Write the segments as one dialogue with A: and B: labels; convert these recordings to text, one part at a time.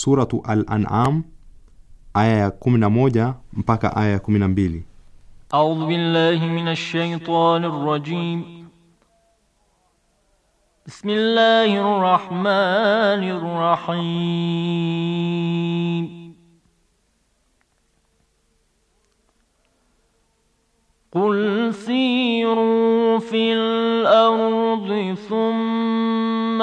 A: suratu Al-An'am aya ya kumi na moja mpaka aya ya kumi na mbili.
B: A'udhu billahi minash shaitanir rajim. Bismillahir rahmanir rahim. قل سيروا في الأرض ثم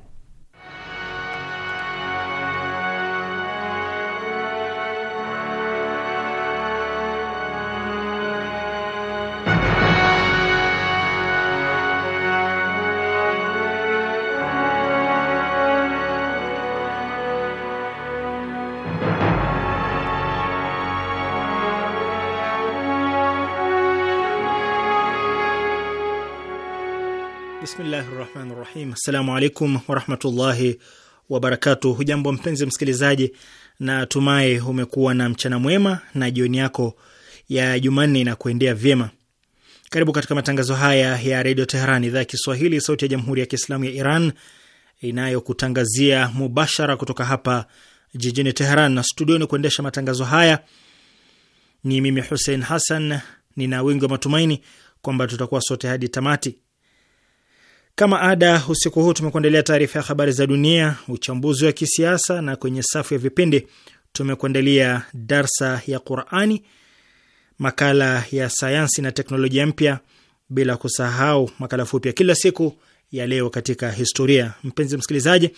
A: Assalamu alaikum warahmatullahi wabarakatuh. Hujambo mpenzi msikilizaji, na tumai umekuwa na mchana mwema na jioni yako ya Jumanne na kuendea vyema. Karibu katika matangazo haya ya redio Teheran, idhaa ya Kiswahili, sauti ya jamhuri ya kiislamu ya Iran inayokutangazia mubashara kutoka hapa jijini Teheran na studioni kuendesha matangazo haya ni mimi Hussein Hassan. Nina wingi wa matumaini kwamba tutakuwa sote hadi tamati. Kama ada, usiku huu tumekuandalia taarifa ya habari za dunia, uchambuzi wa kisiasa, na kwenye safu ya vipindi tumekuandalia darsa ya Qurani, makala ya sayansi na teknolojia mpya, bila kusahau makala fupi ya kila siku ya leo katika historia. Mpenzi msikilizaji,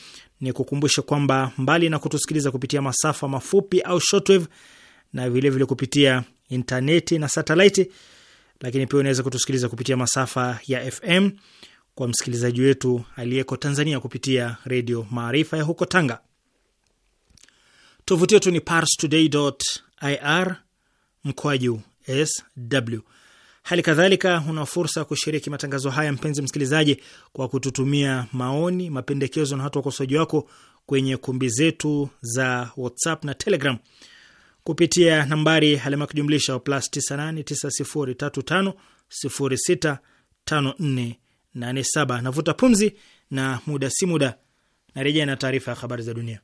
A: ni kukumbushe kwamba mbali na kutusikiliza kupitia masafa mafupi au shortwave na vilevile vile kupitia intaneti na satelaiti, lakini pia unaweza kutusikiliza kupitia masafa ya FM kwa msikilizaji wetu aliyeko Tanzania kupitia Redio Maarifa ya huko Tanga. Tovuti yetu ni parstoday.ir mkwaju sw. Hali kadhalika una fursa ya kushiriki matangazo haya, mpenzi msikilizaji, kwa kututumia maoni, mapendekezo na hata ukosoaji wako kwenye kumbi zetu za WhatsApp na Telegram kupitia nambari alama kujumlisha plus 9890350654 nane saba Navuta pumzi na muda si muda narejea na taarifa ya habari za dunia.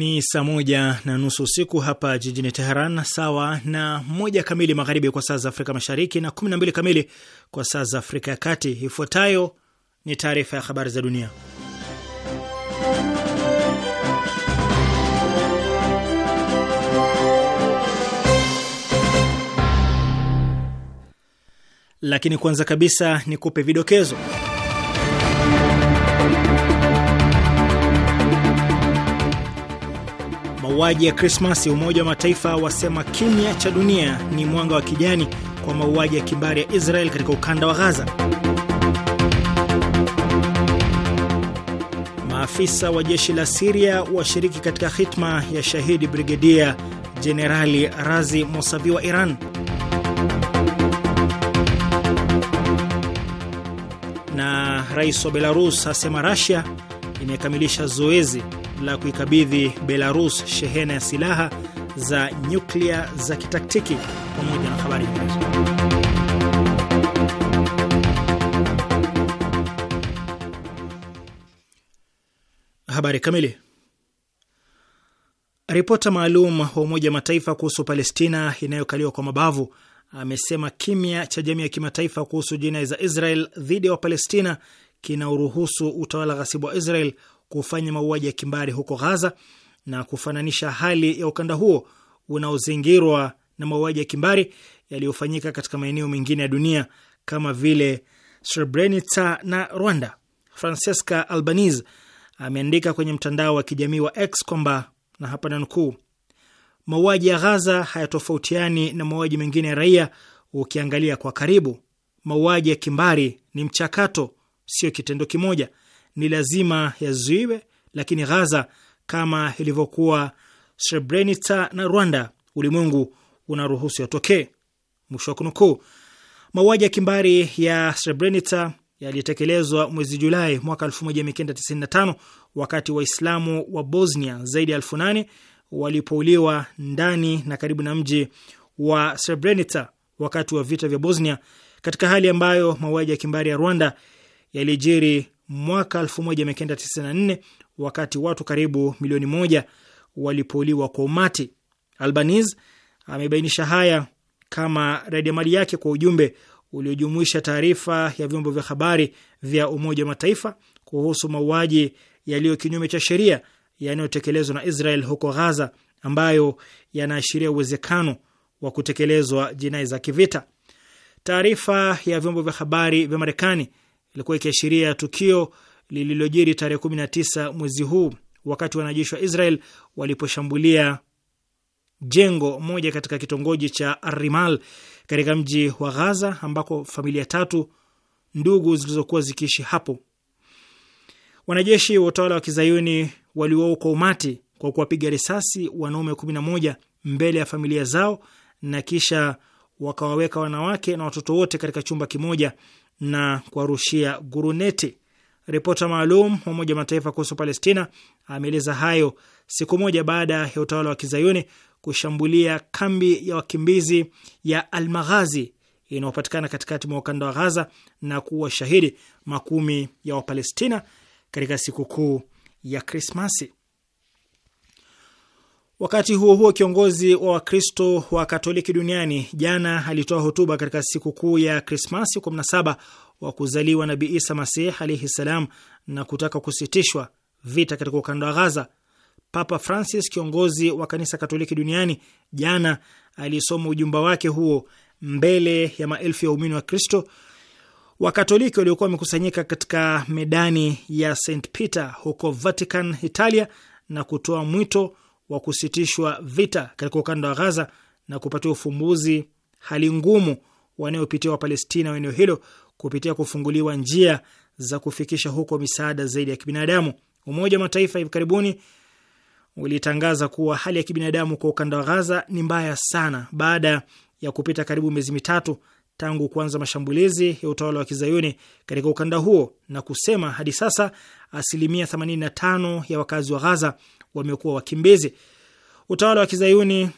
A: Ni saa moja na nusu usiku hapa jijini Teheran, sawa na moja kamili magharibi kwa saa za Afrika Mashariki na 12 kamili kwa saa za Afrika ya Kati. Ifuatayo ni taarifa ya habari za dunia, lakini kwanza kabisa ni kupe vidokezo Mauaji ya Krismasi, Umoja wa Mataifa wasema kimya cha dunia ni mwanga wa kijani kwa mauaji ya kimbari ya Israel katika ukanda wa Gaza. Maafisa wa jeshi la Siria washiriki katika hitma ya shahidi brigedia jenerali Razi Mosavi wa Iran. Na rais wa Belarus asema rasia imekamilisha zoezi la kuikabidhi Belarus shehena ya silaha za nyuklia za kitaktiki pamoja na habari nyinginezo. Habari kamili. Ripota maalum wa Umoja wa Mataifa kuhusu Palestina inayokaliwa kwa mabavu amesema kimya cha jamii ya kimataifa kuhusu jinai za Israel dhidi ya Wapalestina kina utawala ghasibu wa Israel kufanya mauaji ya kimbari huko Ghaza na kufananisha hali ya ukanda huo unaozingirwa na mauaji ya kimbari yaliyofanyika katika maeneo mengine ya dunia kama vile Srebrenica na Rwanda. Francesca Albanese ameandika kwenye mtandao wa kijamii wa X kwamba na hapa nanukuu, mauaji ya Ghaza hayatofautiani na mauaji mengine ya raia ukiangalia kwa karibu. Mauaji ya kimbari ni mchakato, sio kitendo kimoja ni lazima yazuiwe, lakini Ghaza kama ilivyokuwa Srebrenica na Rwanda, ulimwengu unaruhusu yatokee. Mwisho wa kunukuu. Mauaji ya kimbari ya Srebrenica yalitekelezwa mwezi Julai mwaka 1995 wakati Waislamu wa Bosnia zaidi ya elfu nane walipouliwa ndani na karibu na mji wa Srebrenica wakati wa vita vya Bosnia, katika hali ambayo mauaji ya kimbari ya Rwanda yalijiri mwaka 1994 wakati watu karibu milioni moja walipouliwa kwa umati. Albanese amebainisha haya kama radiamali yake kwa ujumbe uliojumuisha taarifa ya vyombo vya habari vya Umoja wa Mataifa kuhusu mauaji yaliyo kinyume cha sheria yanayotekelezwa na Israel huko Ghaza, ambayo yanaashiria uwezekano wa kutekelezwa jinai za kivita. Taarifa ya vyombo vya habari vya Marekani ilikuwa ikiashiria tukio lililojiri tarehe 19 mwezi huu wakati wanajeshi wa Israel waliposhambulia jengo moja katika kitongoji cha Arimal katika mji wa Ghaza ambako familia tatu ndugu zilizokuwa zikiishi hapo. Wanajeshi wa utawala wa kizayuni waliuawa kwa umati kwa kuwapiga risasi wanaume moja mbele ya familia zao na kisha wakawaweka wanawake na watoto wote katika chumba kimoja na kuwarushia guruneti. Ripota maalum wa Umoja Mataifa kuhusu Palestina ameeleza hayo siku moja baada ya utawala wa kizayuni kushambulia kambi ya wakimbizi ya Almaghazi inayopatikana katikati mwa ukanda wa Ghaza na kuwa shahidi makumi ya Wapalestina katika sikukuu ya Krismasi. Wakati huo huo, kiongozi wa Wakristo wa Katoliki duniani jana alitoa hotuba katika sikukuu ya Krismasi 17 wa kuzaliwa Nabii Isa Masih alaihi ssalam na kutaka kusitishwa vita katika ukanda wa Ghaza. Papa Francis, kiongozi wa kanisa Katoliki duniani, jana alisoma ujumba wake huo mbele ya maelfu ya waumini wa Kristo wa Katoliki waliokuwa wamekusanyika katika medani ya St Peter huko Vatican, Italia, na kutoa mwito wa kusitishwa vita katika ukanda wa Gaza na kupatia ufumbuzi hali ngumu wanayopitia Wapalestina wa eneo hilo kupitia kufunguliwa njia za kufikisha huko misaada zaidi ya kibinadamu. Umoja wa Mataifa hivi karibuni ulitangaza kuwa hali ya kibinadamu kwa ukanda wa Gaza ni mbaya sana baada ya kupita karibu miezi mitatu tangu kuanza mashambulizi ya utawala wa kizayuni katika ukanda huo, na kusema hadi sasa asilimia 85 ya wakazi wa Gaza wamekuwa wakimbizi. Utawala wa kizayuni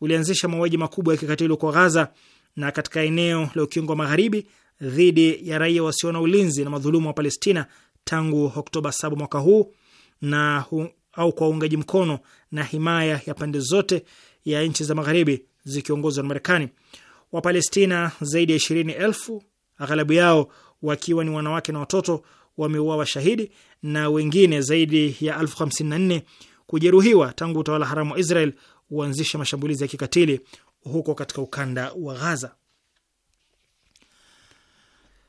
A: ulianzisha mauaji makubwa ya kikatili kwa Ghaza na katika eneo la ukingo wa magharibi dhidi ya raia wasio na ulinzi na madhulumu wa Palestina tangu Oktoba 7 mwaka huu na hu, au kwa uungaji mkono na himaya ya pande zote ya nchi za magharibi zikiongozwa na Marekani. Wapalestina zaidi ya elfu aghalabu yao wakiwa ni wanawake na watoto wameuawa shahidi na wengine zaidi ya elfu hamsini na nne kujeruhiwa tangu utawala haramu wa Israel huanzisha mashambulizi ya kikatili huko katika ukanda wa Ghaza.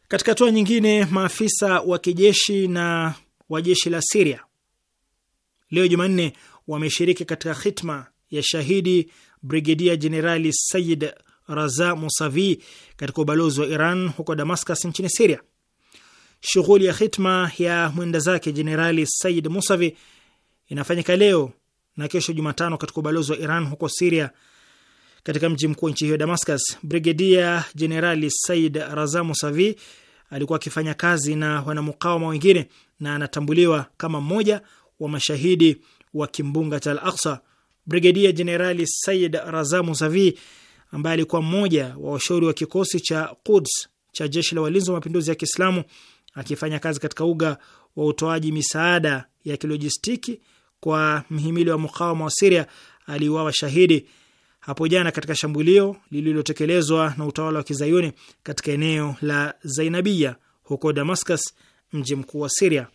A: Katika hatua nyingine, maafisa wa kijeshi na wa jeshi la Siria leo Jumanne wameshiriki katika hitma ya shahidi Brigedia Jenerali Sayid Raza Musavi katika ubalozi wa Iran huko Damascus nchini Siria. Shughuli ya hitma ya mwenda zake Jenerali Said Musavi inafanyika leo na kesho Jumatano katika ubalozi wa Iran huko Siria, katika mji mkuu wa nchi hiyo Damascus. Brigedia Jenerali Said Raza Musavi alikuwa akifanya kazi na wanamukawama wengine na anatambuliwa kama mmoja wa mashahidi wa kimbunga cha Al Aksa. Brigedia Jenerali Said Raza Musavi ambaye alikuwa mmoja wa washauri wa kikosi cha Quds cha jeshi la walinzi wa mapinduzi ya Kiislamu akifanya kazi katika uga wa utoaji misaada ya kilojistiki kwa mhimili wa mukawama wa Siria aliuawa shahidi hapo jana katika shambulio lililotekelezwa na utawala wa kizayuni katika eneo la Zainabia huko Damascus, mji mkuu wa Siria.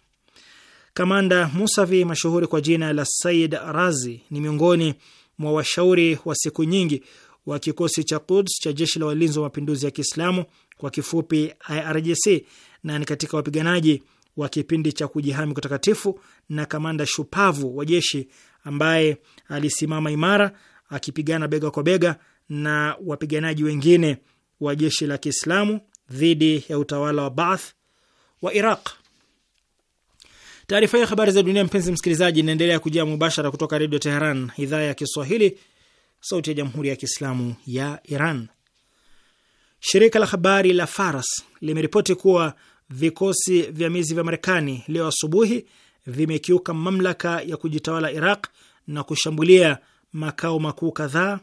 A: Kamanda Musavi, mashuhuri kwa jina la Said Razi, ni miongoni mwa washauri wa siku nyingi wa kikosi cha Quds cha jeshi la walinzi wa mapinduzi ya Kiislamu, kwa kifupi IRGC, na ni katika wapiganaji wa kipindi cha kujihami kutakatifu na kamanda shupavu wa jeshi ambaye alisimama imara akipigana bega kwa bega na wapiganaji wengine wa jeshi la Kiislamu dhidi ya utawala wa Baath wa Iraq. Taarifa hii ya habari za dunia, mpenzi msikilizaji, inaendelea kujia mubashara kutoka Redio Teheran, idhaa ya Kiswahili, sauti ya Jamhuri ya Kiislamu ya Iran. Shirika la habari la Faras limeripoti kuwa vikosi vya mizi vya Marekani leo asubuhi vimekiuka mamlaka ya kujitawala Iraq na kushambulia makao makuu kadhaa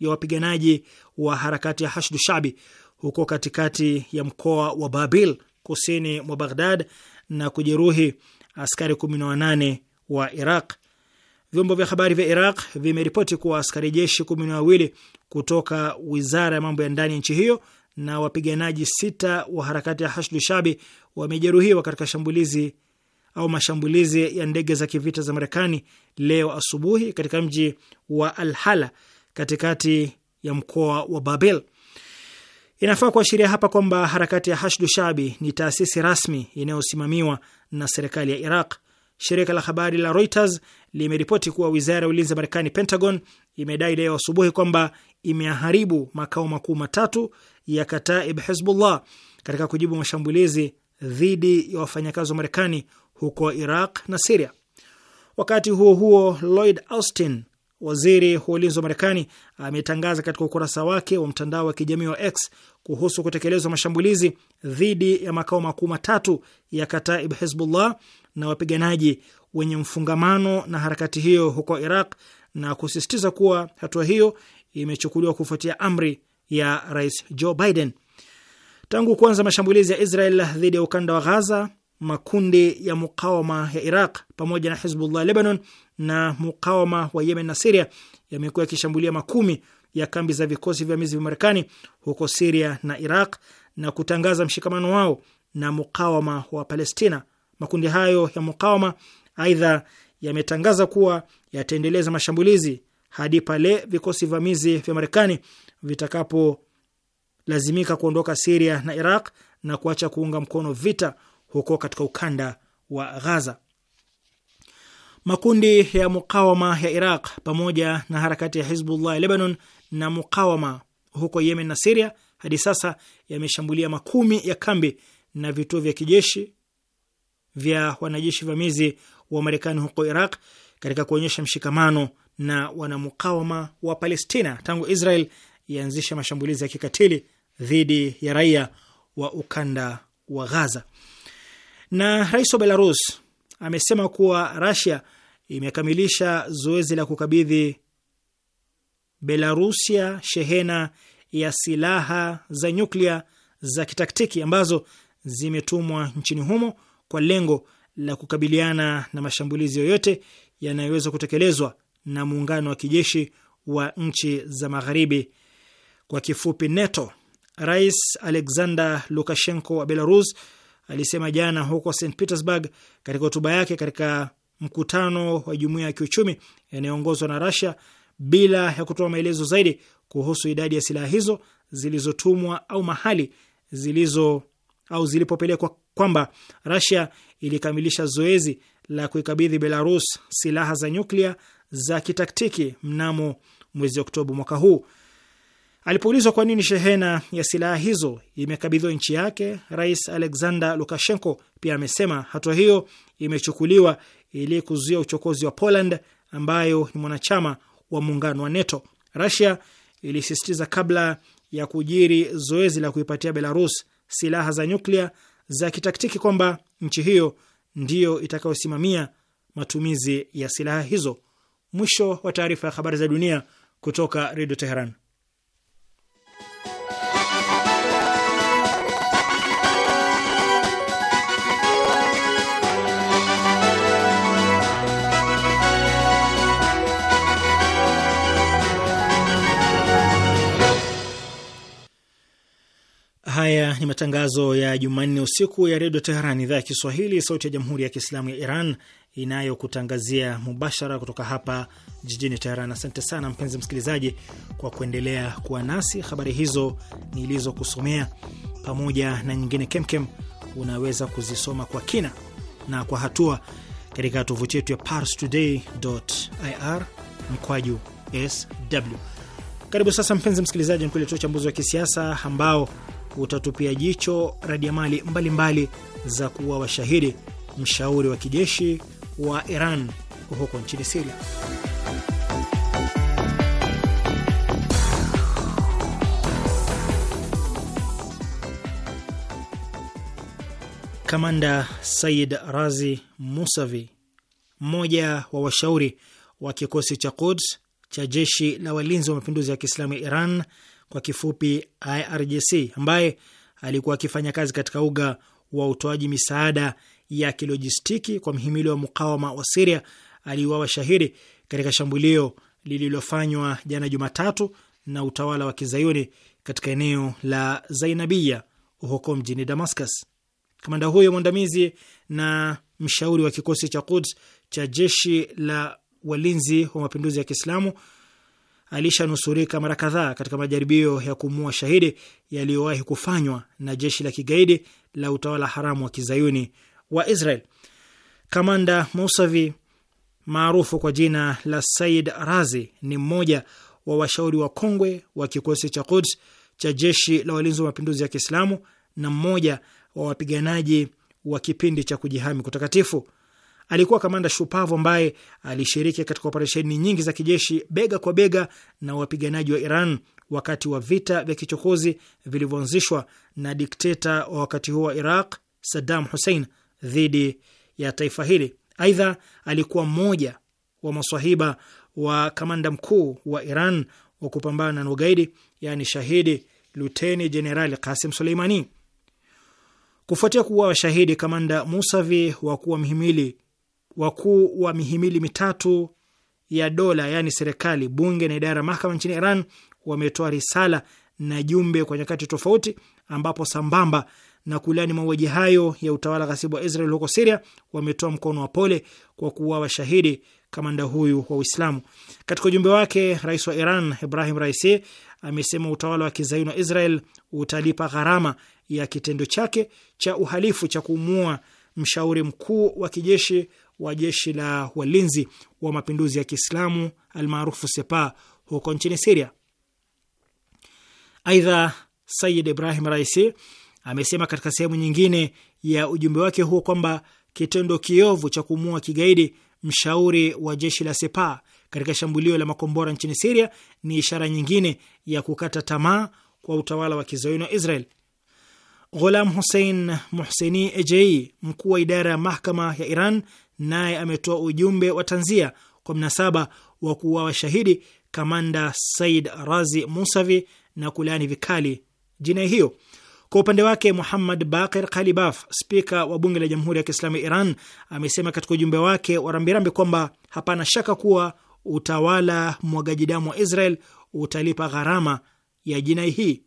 A: ya wapiganaji wa harakati ya Hashdu Shabi huko katikati ya mkoa wa Babil kusini mwa Baghdad na kujeruhi askari 18 wa Iraq. Vyombo vya habari vya Iraq vimeripoti kuwa askari jeshi kumi na wawili kutoka wizara ya mambo ya ndani ya nchi hiyo na wapiganaji sita wa harakati ya Hashdu Shabi wamejeruhiwa katika shambulizi au mashambulizi ya ndege za kivita za Marekani leo asubuhi katika mji wa Alhala katikati ya mkoa wa Babel. Inafaa kuashiria hapa kwamba harakati ya Hashdu Shabi ni taasisi rasmi inayosimamiwa na serikali ya Iraq. Shirika la habari la Reuters limeripoti kuwa wizara ya ulinzi ya Marekani, Pentagon, imedai leo asubuhi kwamba imeharibu makao makuu matatu ya Kataib Hizbullah katika kujibu mashambulizi dhidi ya wafanyakazi wa Marekani huko Iraq na Siria. Wakati huo huo, Lloyd Austin, waziri wa ulinzi wa Marekani, ametangaza katika ukurasa wake wa mtandao wa kijamii wa X kuhusu kutekelezwa mashambulizi dhidi ya makao makuu matatu ya Kataib Hizbullah na wapiganaji wenye mfungamano na harakati hiyo huko Iraq na kusisitiza kuwa hatua hiyo imechukuliwa kufuatia amri ya rais Joe Biden. Tangu kuanza mashambulizi ya Israel dhidi ya ukanda wa Ghaza, makundi ya mukawama ya Iraq pamoja na Hizbullah Lebanon na mukawama wa Yemen na Siria yamekuwa yakishambulia makumi ya kambi za vikosi vya mizi vya Marekani huko Siria na Iraq na kutangaza mshikamano wao na mukawama wa Palestina. Makundi hayo ya mukawama aidha yametangaza kuwa yataendeleza mashambulizi hadi pale vikosi vamizi vya Marekani vitakapolazimika kuondoka Siria na Iraq na kuacha kuunga mkono vita huko katika ukanda wa Ghaza. Makundi ya mukawama ya Iraq pamoja na harakati ya Hizbullah ya Lebanon na mukawama huko Yemen na Siria hadi sasa yameshambulia makumi ya kambi na vituo vya kijeshi vya wanajeshi vamizi wa Marekani huko Iraq katika kuonyesha mshikamano na wanamukawama wa Palestina tangu Israel yaanzisha mashambulizi ya kikatili dhidi ya raia wa ukanda wa Gaza. Na rais wa Belarus amesema kuwa Rasia imekamilisha zoezi la kukabidhi Belarusia shehena ya silaha za nyuklia za kitaktiki ambazo zimetumwa nchini humo kwa lengo la kukabiliana na mashambulizi yoyote yanayoweza kutekelezwa na muungano wa kijeshi wa nchi za magharibi kwa kifupi NATO. Rais Alexander Lukashenko wa Belarus alisema jana huko St Petersburg katika hotuba yake katika mkutano wa jumuiya ya kiuchumi yanayoongozwa na rasia bila ya kutoa maelezo zaidi kuhusu idadi ya silaha hizo zilizotumwa au mahali zilizo au zilipopelekwa, kwamba rasia ilikamilisha zoezi la kuikabidhi Belarus silaha za nyuklia za kitaktiki mnamo mwezi Oktoba mwaka huu. Alipoulizwa kwa nini shehena ya silaha hizo imekabidhiwa nchi yake, Rais Alexander Lukashenko pia amesema hatua hiyo imechukuliwa ili kuzuia uchokozi wa Poland ambayo ni mwanachama wa muungano wa NATO. rasia ilisisitiza kabla ya kujiri zoezi la kuipatia Belarus silaha za nyuklia za kitaktiki kwamba nchi hiyo ndiyo itakayosimamia matumizi ya silaha hizo. Mwisho wa taarifa ya habari za dunia kutoka Redio Teheran. Haya ni matangazo ya Jumanne usiku ya redio Teheran, idhaa ya Kiswahili, sauti ya jamhuri ya kiislamu ya Iran inayokutangazia mubashara kutoka hapa jijini Teheran. Asante sana mpenzi msikilizaji kwa kuendelea kuwa nasi. Habari hizo nilizokusomea pamoja na nyingine kemkem unaweza kuzisoma kwa kina na kwa hatua katika tovuti yetu ya parstoday.ir mkwaju sw. Karibu sasa, mpenzi msikilizaji, nikuletea uchambuzi wa kisiasa ambao utatupia jicho radiamali mbalimbali za kuwa washahidi mshauri wa kijeshi wa Iran huko nchini Siria. Kamanda Said Razi Musavi, mmoja wa washauri wa kikosi cha Quds cha jeshi la walinzi wa mapinduzi ya Kiislamu ya Iran kwa kifupi IRGC, ambaye alikuwa akifanya kazi katika uga wa utoaji misaada ya kilojistiki kwa mhimili wa mukawama wa Siria aliuawa shahidi katika shambulio lililofanywa jana Jumatatu na utawala wa kizayuni katika eneo la Zainabia huko mjini Damascus. Kamanda huyo mwandamizi na mshauri wa kikosi cha Quds cha jeshi la walinzi wa mapinduzi ya Kiislamu alishanusurika mara kadhaa katika majaribio ya kumua shahidi yaliyowahi kufanywa na jeshi la kigaidi la utawala haramu wa kizayuni wa Israel. Kamanda Musavi maarufu kwa jina la Said Razi ni mmoja wa washauri wa kongwe wa kikosi cha Quds cha jeshi la walinzi wa mapinduzi ya Kiislamu na mmoja wa wapiganaji wa kipindi cha kujihami kutakatifu. Alikuwa kamanda shupavu ambaye alishiriki katika operesheni nyingi za kijeshi bega kwa bega na wapiganaji wa Iran wakati wa vita vya kichokozi vilivyoanzishwa na dikteta wa wakati huo wa Iraq, Saddam Hussein, dhidi ya taifa hili. Aidha, alikuwa mmoja wa maswahiba wa kamanda mkuu wa Iran wa kupambana na ugaidi, yani shahidi luteni jenerali Kasim Suleimani. Kufuatia kuwa washahidi kamanda Musavi wa kuwa mhimili wakuu wa mihimili mitatu ya dola, yaani serikali, bunge na idara ya mahakama nchini Iran wametoa risala na jumbe kwa nyakati tofauti, ambapo sambamba na kulani mauaji hayo ya utawala ghasibu wa Israel huko Siria, wametoa mkono wa pole kwa kuuawa washahidi kamanda huyu wa Uislamu. Katika ujumbe wake, rais wa Iran Ibrahim Raisi amesema utawala wa kizayuni wa Israel utalipa gharama ya kitendo chake cha uhalifu cha kumua mshauri mkuu wa kijeshi wa jeshi la walinzi wa mapinduzi ya Kiislamu almaarufu Sepa huko nchini Siria. Aidha, Sayid Ibrahim Raisi amesema katika sehemu nyingine ya ujumbe wake huo kwamba kitendo kiovu cha kumua kigaidi mshauri wa jeshi la Sepa katika shambulio la makombora nchini Siria ni ishara nyingine ya kukata tamaa kwa utawala wa kizayuni wa Israel. Ghulam Hussein Muhseni Ejei, mkuu wa idara ya mahkama ya Iran naye ametoa ujumbe wa tanzia kwa mnasaba wa kuuawa shahidi kamanda Said Razi Musavi na kulaani vikali jinai hiyo. Kwa upande wake Muhammad Bakir Kalibaf, spika wa bunge la jamhuri ya Kiislamu ya Iran, amesema katika ujumbe wake wa rambirambi kwamba hapana shaka kuwa utawala mwagaji damu wa Israel utalipa gharama ya jinai hii.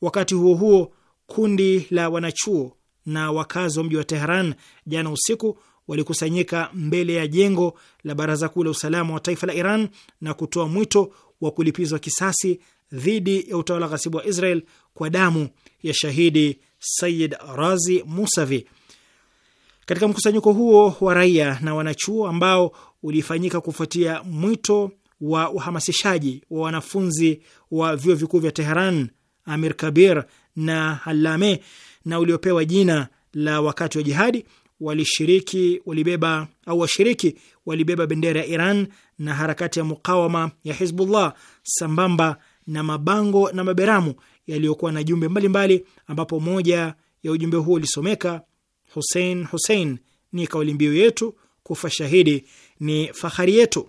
A: Wakati huo huo, kundi la wanachuo na wakazi wa mji wa Teheran jana usiku walikusanyika mbele ya jengo la Baraza Kuu la Usalama wa Taifa la Iran na kutoa mwito wa kulipizwa kisasi dhidi ya utawala ghasibu wa Israel kwa damu ya shahidi Sayid Razi Musavi. Katika mkusanyiko huo wa raia na wanachuo ambao ulifanyika kufuatia mwito wa uhamasishaji wa wanafunzi wa vyuo vikuu vya Teheran, Amir Kabir na Allame, na uliopewa jina la wakati wa jihadi, walishiriki walibeba au washiriki walibeba bendera ya Iran na harakati ya mukawama ya Hizbullah sambamba na mabango na maberamu yaliyokuwa na jumbe mbalimbali, ambapo moja ya ujumbe huo ulisomeka Hussein Hussein ni kauli mbiu yetu, kufa shahidi ni fahari yetu.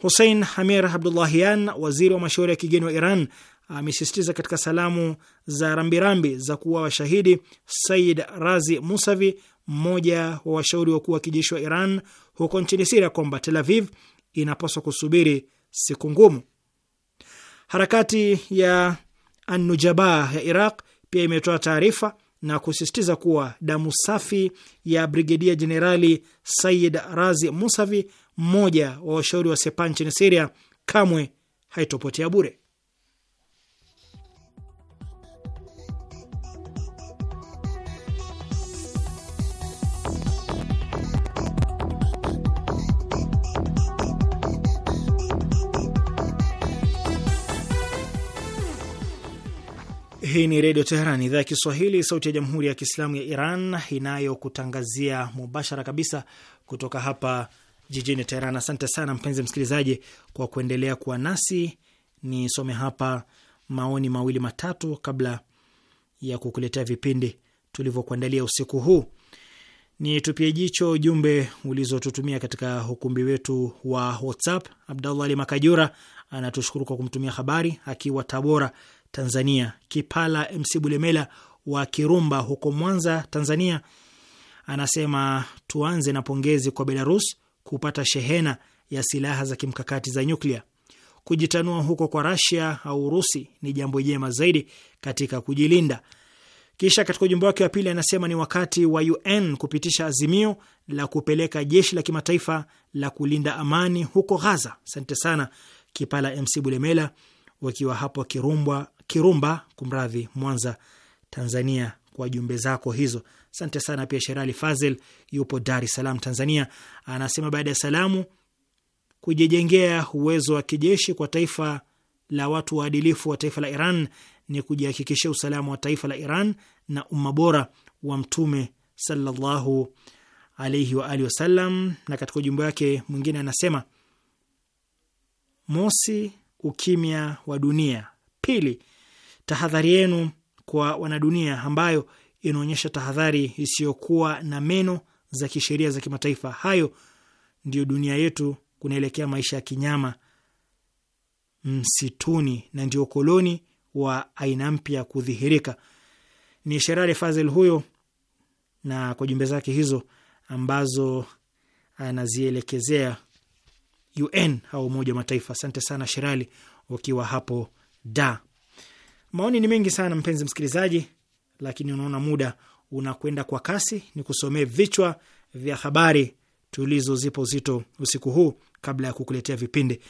A: Hussein Hamir Abdullahian, waziri wa mashauri ya kigeni wa Iran, amesisitiza katika salamu za rambirambi za kuwa washahidi Said Razi Musavi, mmoja wa washauri wakuu wa kijeshi wa Iran huko nchini Siria kwamba Tel Aviv inapaswa kusubiri siku ngumu. Harakati ya Annujaba ya Iraq pia imetoa taarifa na kusisitiza kuwa damu safi ya Brigedia Jenerali Sayid Razi Musavi, mmoja wa washauri wa Sepa nchini Siria, kamwe haitopotea bure. Hii ni Redio Teheran, idhaa ya Kiswahili, sauti ya Jamhuri ya Kiislamu ya Iran, inayokutangazia mubashara kabisa kutoka hapa jijini Teheran. Asante sana mpenzi msikilizaji kwa kuendelea kuwa nasi. Nisome hapa maoni mawili matatu kabla ya kukuletea vipindi tulivyokuandalia usiku huu. Ni tupie jicho jumbe ulizotutumia katika ukumbi wetu wa WhatsApp. Abdallah Ali Makajura anatushukuru kwa kumtumia habari akiwa Tabora Tanzania. Kipala MC Bulemela wa Kirumba huko Mwanza, Tanzania, anasema tuanze na pongezi kwa Belarus kupata shehena ya silaha za kimkakati za nyuklia. Kujitanua huko kwa Rasia au Urusi ni jambo jema zaidi katika kujilinda. Kisha katika ujumbe wake wa pili anasema ni wakati wa UN kupitisha azimio la kupeleka jeshi la kimataifa la kulinda amani huko Ghaza. Asante sana Kipala MC Bulemela wakiwa hapo Kirumbwa, Kirumba, kumradhi, Mwanza, Tanzania, kwa jumbe zako hizo. Asante sana. Pia Sherali Fazel yupo Dar es Salaam, Tanzania, anasema baada ya salamu, kujijengea uwezo wa kijeshi kwa taifa la watu waadilifu wa taifa la Iran ni kujihakikishia usalama wa taifa la Iran na umma bora wa Mtume sallallahu alaihi wa alihi wasallam. Na katika ujumbe wake mwingine anasema mosi, ukimya wa dunia; pili, tahadhari yenu kwa wanadunia ambayo inaonyesha tahadhari isiyokuwa na meno za kisheria za kimataifa. Hayo ndiyo dunia yetu, kunaelekea maisha ya kinyama msituni, na ndio koloni wa aina mpya kudhihirika. Ni Sherali Fazel huyo, na kwa jumbe zake hizo ambazo anazielekezea UN au Umoja wa Mataifa. Asante sana Sherali ukiwa hapo da Maoni ni mengi sana mpenzi msikilizaji, lakini unaona muda unakwenda kwa kasi. Ni kusomee vichwa vya habari tulizozipa uzito usiku huu kabla ya kukuletea vipindi.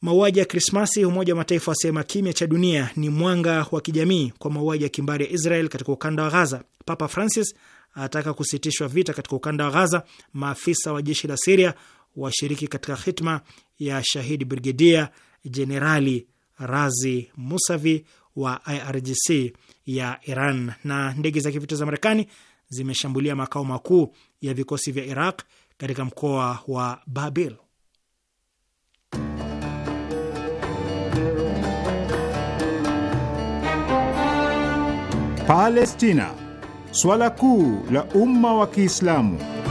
A: Mauaji ya Krismasi, Umoja wa Mataifa wasema kimya cha dunia ni mwanga wa kijamii kwa mauaji ya kimbari ya Israel katika ukanda wa Gaza. Papa Francis ataka kusitishwa vita katika ukanda wa Gaza. Maafisa wa jeshi la Siria washiriki katika hitma ya shahidi brigedia jenerali Razi Musavi wa IRGC ya Iran. Na ndege za kivita za Marekani zimeshambulia makao makuu ya vikosi vya Iraq katika mkoa wa Babil.
C: Palestina, swala kuu la umma wa Kiislamu.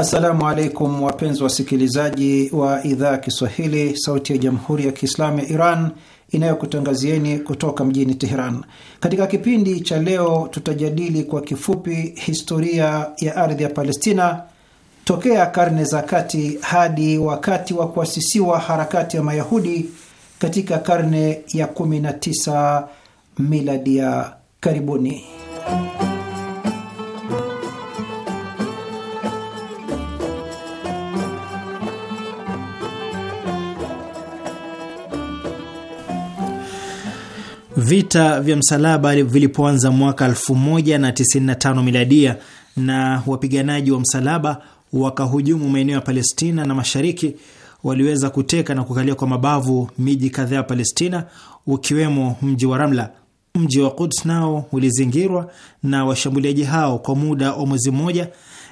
D: Assalamu alaikum wapenzi wasikilizaji wa idhaa ya Kiswahili, sauti ya jamhuri ya kiislamu ya Iran inayokutangazieni kutoka mjini Teheran. Katika kipindi cha leo, tutajadili kwa kifupi historia ya ardhi ya Palestina tokea karne za kati hadi wakati wa kuasisiwa harakati ya Mayahudi katika karne ya 19 miladi ya Karibuni.
A: Vita vya msalaba vilipoanza mwaka 1095 miladia na wapiganaji wa msalaba wakahujumu maeneo ya Palestina na mashariki, waliweza kuteka na kukalia kwa mabavu miji kadhaa ya Palestina ukiwemo mji wa Ramla. Mji wa Quds nao ulizingirwa na washambuliaji hao kwa muda wa mwezi mmoja,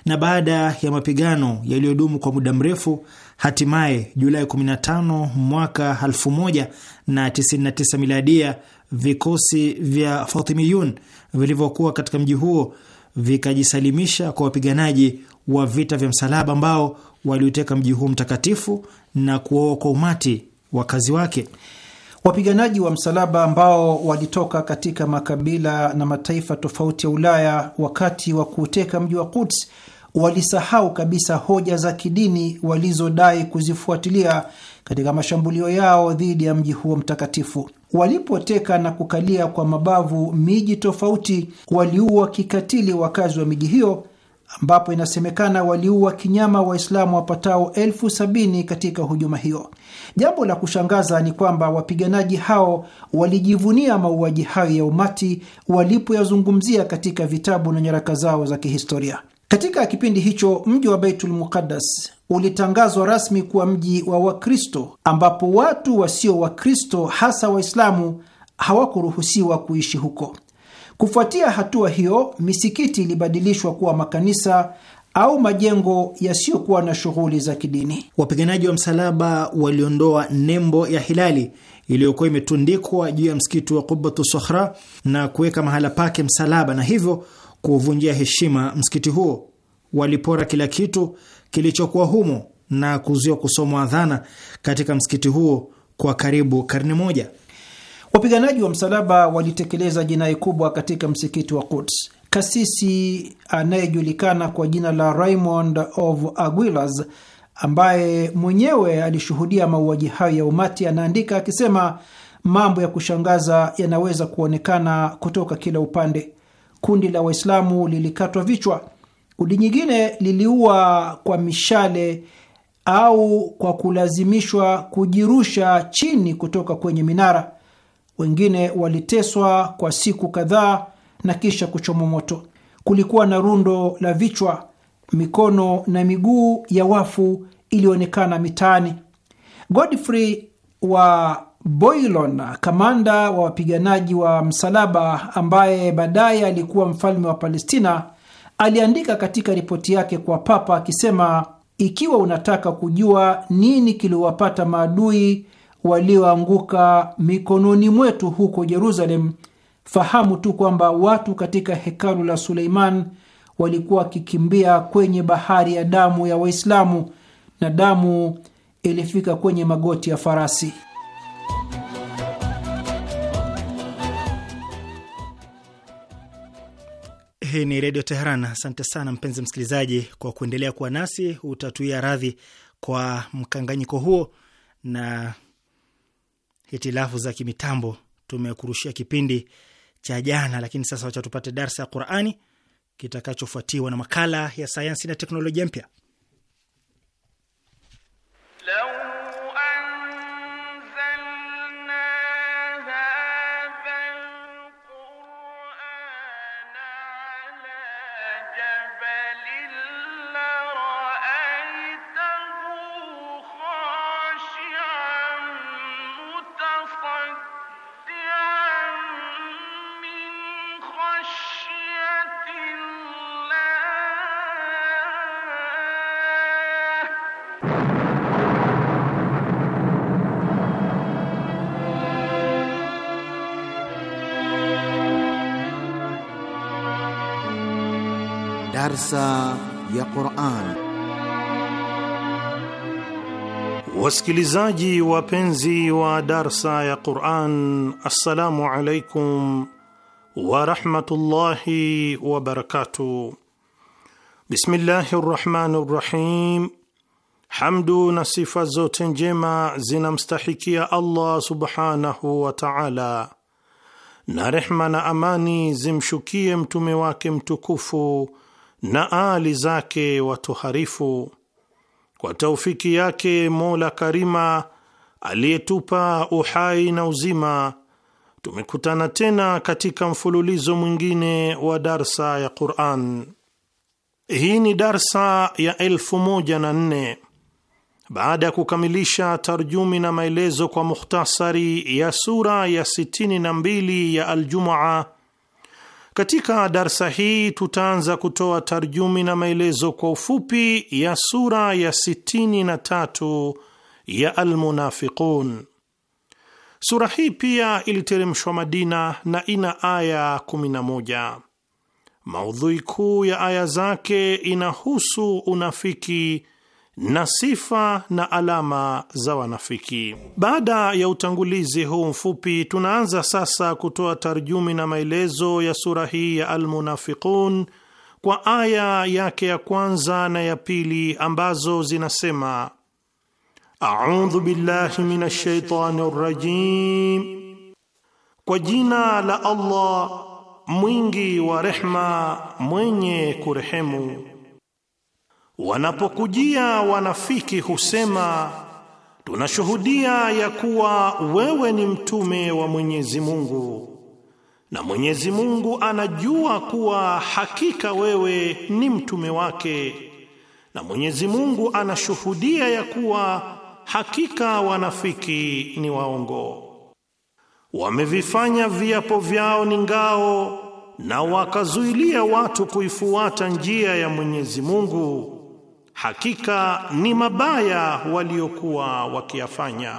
A: na baada ya mapigano yaliyodumu kwa muda mrefu, hatimaye Julai 15 mwaka 1099 miladia vikosi vya Fatimiyun vilivyokuwa katika mji huo vikajisalimisha kwa wapiganaji wa vita vya msalaba ambao waliuteka mji huu mtakatifu na kuwaua
D: kwa umati wakazi wake. Wapiganaji wa msalaba ambao walitoka katika makabila na mataifa tofauti ya Ulaya wakati wa kuuteka mji wa Quds walisahau kabisa hoja za kidini walizodai kuzifuatilia katika mashambulio yao dhidi ya mji huo mtakatifu. Walipoteka na kukalia kwa mabavu miji tofauti, waliua kikatili wakazi wa miji hiyo, ambapo inasemekana waliua kinyama Waislamu wapatao elfu sabini katika hujuma hiyo. Jambo la kushangaza ni kwamba wapiganaji hao walijivunia mauaji hayo ya umati walipoyazungumzia katika vitabu na nyaraka zao za kihistoria. Katika kipindi hicho mji wa Baitul Muqaddas ulitangazwa rasmi kuwa mji wa Wakristo, ambapo watu wasio Wakristo hasa Waislamu hawakuruhusiwa kuishi huko. Kufuatia hatua hiyo, misikiti ilibadilishwa kuwa makanisa au majengo yasiyokuwa na shughuli za kidini. Wapiganaji wa msalaba
A: waliondoa nembo ya hilali iliyokuwa imetundikwa juu ya msikiti wa Qubatu Sokhra na kuweka mahala pake msalaba na hivyo kuvunjia heshima msikiti huo. Walipora kila kitu kilichokuwa humo na kuzuia kusomwa adhana
D: katika msikiti huo kwa karibu karne moja. Wapiganaji wa msalaba walitekeleza jinai kubwa katika msikiti wa Quds. Kasisi anayejulikana kwa jina la Raymond of Aguilas, ambaye mwenyewe alishuhudia mauaji hayo ya umati, anaandika akisema, mambo ya kushangaza yanaweza kuonekana kutoka kila upande kundi la Waislamu lilikatwa vichwa. Kundi nyingine liliua kwa mishale au kwa kulazimishwa kujirusha chini kutoka kwenye minara. Wengine waliteswa kwa siku kadhaa na kisha kuchomwa moto. Kulikuwa na rundo la vichwa, mikono na miguu ya wafu ilionekana mitaani. Godfrey wa Boilon, kamanda wa wapiganaji wa msalaba ambaye baadaye alikuwa mfalme wa Palestina, aliandika katika ripoti yake kwa papa akisema, ikiwa unataka kujua nini kiliwapata maadui walioanguka mikononi mwetu huko jerusalem fahamu tu kwamba watu katika hekalu la Suleiman walikuwa wakikimbia kwenye bahari ya damu ya Waislamu, na damu ilifika kwenye magoti ya farasi.
A: Hii ni Redio Teheran. Asante sana mpenzi msikilizaji kwa kuendelea kuwa nasi. Utatuia radhi kwa mkanganyiko huo na hitilafu za kimitambo. Tumekurushia kipindi cha jana, lakini sasa wacha tupate darsa ya Qurani kitakachofuatiwa na makala ya sayansi na teknolojia mpya.
B: الجبل
E: darsa ya Quran. Wasikilizaji wapenzi wa darsa ya Quran, assalamu alaikum wa rahmatullahi wa Bismillahi rahmani rahim. Hamdu na sifa zote njema zinamstahikia Allah subhanahu wa ta'ala, na rehma na amani zimshukie mtume wake mtukufu na aali zake watoharifu. Kwa taufiki yake Mola Karima aliyetupa uhai na uzima, tumekutana tena katika mfululizo mwingine wa darsa ya Quran. Hii ni darsa ya elfu moja na nne baada ya kukamilisha tarjumi na maelezo kwa mukhtasari ya sura ya sitini na mbili ya Aljumaa katika darsa hii tutaanza kutoa tarjumi na maelezo kwa ufupi ya sura ya 63 ya Almunafiqun. Sura hii pia iliteremshwa Madina na ina aya 11. Maudhui kuu ya aya zake inahusu unafiki na sifa na alama za wanafiki. Baada ya utangulizi huu mfupi, tunaanza sasa kutoa tarjumi na maelezo ya sura hii ya Almunafiqun kwa aya yake ya kwanza na ya pili ambazo zinasema: audhu billahi minash rajim, kwa jina la Allah mwingi wa rehma mwenye kurehemu. Wanapokujia wanafiki husema tunashuhudia ya kuwa wewe ni mtume wa Mwenyezi Mungu, na Mwenyezi Mungu anajua kuwa hakika wewe ni mtume wake, na Mwenyezi Mungu anashuhudia ya kuwa hakika wanafiki ni waongo. Wamevifanya viapo vyao ni ngao, na wakazuilia watu kuifuata njia ya Mwenyezi Mungu Hakika ni mabaya waliokuwa wakiyafanya.